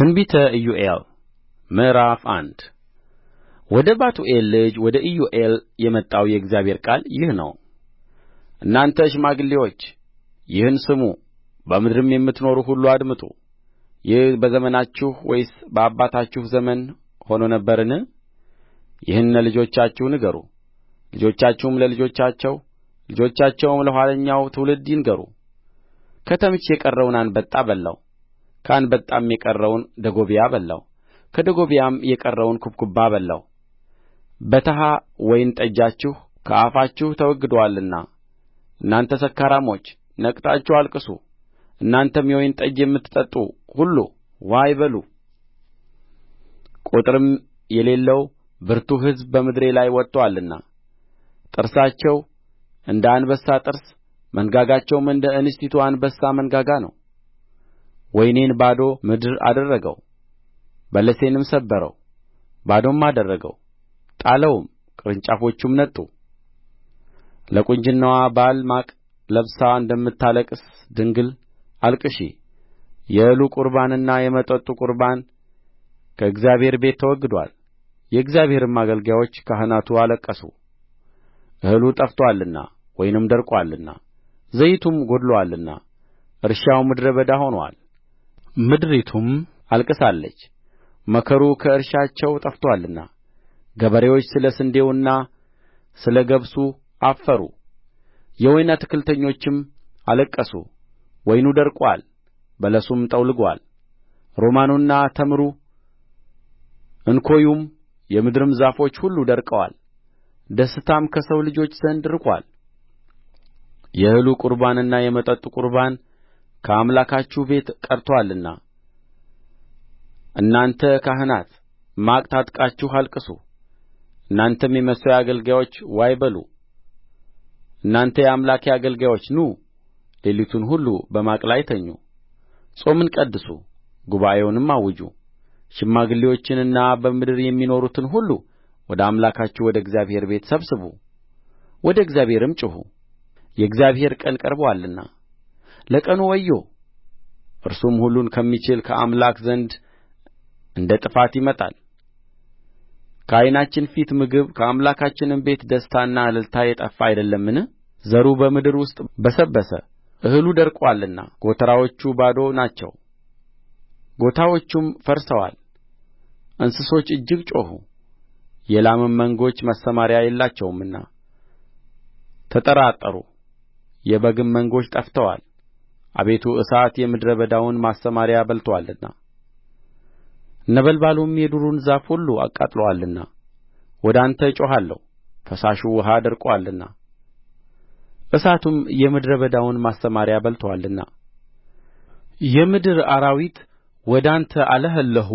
ትንቢተ ኢዩኤል ምዕራፍ አንድ ወደ ባቱኤል ልጅ ወደ ኢዮኤል የመጣው የእግዚአብሔር ቃል ይህ ነው እናንተ ሽማግሌዎች ይህን ስሙ በምድርም የምትኖሩ ሁሉ አድምጡ ይህ በዘመናችሁ ወይስ በአባታችሁ ዘመን ሆኖ ነበርን ይህን ለልጆቻችሁ ንገሩ ልጆቻችሁም ለልጆቻቸው ልጆቻቸውም ለኋለኛው ትውልድ ይንገሩ ከተምች የቀረውን አንበጣ በላው ከአንበጣም የቀረውን ደጎብያ በላው ከደጎብያም የቀረውን ኩብኩባ በላው በተሃ ወይን ጠጃችሁ ከአፋችሁ ተወግዶአልና እናንተ ሰካራሞች ነቅታችሁ አልቅሱ እናንተም የወይን ጠጅ የምትጠጡ ሁሉ ዋይ በሉ ቍጥርም የሌለው ብርቱ ሕዝብ በምድሬ ላይ ወጥቶአልና ጥርሳቸው እንደ አንበሳ ጥርስ መንጋጋቸውም እንደ እንስቲቱ አንበሳ መንጋጋ ነው ወይኔን ባዶ ምድር አደረገው በለሴንም ሰበረው ባዶም አደረገው ጣለውም ቅርንጫፎቹም ነጡ ለቍንጅናዋ ባል ማቅ ለብሳ እንደምታለቅስ ድንግል አልቅሺ የእህሉ ቍርባንና የመጠጡ ቍርባን ከእግዚአብሔር ቤት ተወግዶአል የእግዚአብሔርም አገልጋዮች ካህናቱ አለቀሱ እህሉ ጠፍቶአልና ወይኑም ደርቆአልና ዘይቱም ጐድሎአልና እርሻው ምድረ በዳ ሆኖአል ምድሪቱም አልቅሳለች መከሩ ከእርሻቸው ጠፍቶአልና ገበሬዎች ስለ ስንዴውና ስለ ገብሱ አፈሩ የወይን አትክልተኞችም አለቀሱ ወይኑ ደርቆአል በለሱም ጠውልጎአል ሮማኑና ተምሩ እንኮዩም የምድርም ዛፎች ሁሉ ደርቀዋል ደስታም ከሰው ልጆች ዘንድ ርቆአል የእህሉ ቍርባንና የመጠጡ ቍርባን ከአምላካችሁ ቤት ቀርቶአልና እናንተ ካህናት ማቅ ታጥቃችሁ አልቅሱ እናንተም የመሠዊያ አገልጋዮች ዋይ በሉ እናንተ የአምላኬ አገልጋዮች ኑ ሌሊቱን ሁሉ በማቅ ላይ ተኙ ጾምን ቀድሱ ጉባኤውንም አውጁ ሽማግሌዎችንና በምድር የሚኖሩትን ሁሉ ወደ አምላካችሁ ወደ እግዚአብሔር ቤት ሰብስቡ ወደ እግዚአብሔርም ጩኹ የእግዚአብሔር ቀን ቀርቦአልና ለቀኑ ወዮ እርሱም ሁሉን ከሚችል ከአምላክ ዘንድ እንደ ጥፋት ይመጣል ከዓይናችን ፊት ምግብ ከአምላካችንም ቤት ደስታና እልልታ የጠፋ አይደለምን ዘሩ በምድር ውስጥ በሰበሰ እህሉ ደርቆአልና ጎተራዎቹ ባዶ ናቸው ጎታዎቹም ፈርሰዋል እንስሶች እጅግ ጮኹ የላምም መንጎች ማሰማሪያ የላቸውምና ተጠራጠሩ የበግም መንጎች ጠፍተዋል አቤቱ እሳት የምድረ በዳውን ማሰማርያ በልቶአልና ነበልባሉም የዱሩን ዛፍ ሁሉ አቃጥሎአልና ወደ አንተ እጮኻለሁ ፈሳሹ ውኃ ደርቆአልና እሳቱም የምድረ በዳውን ማሰማርያ በልቶአልና የምድር አራዊት ወደ አንተ አለኸለኩ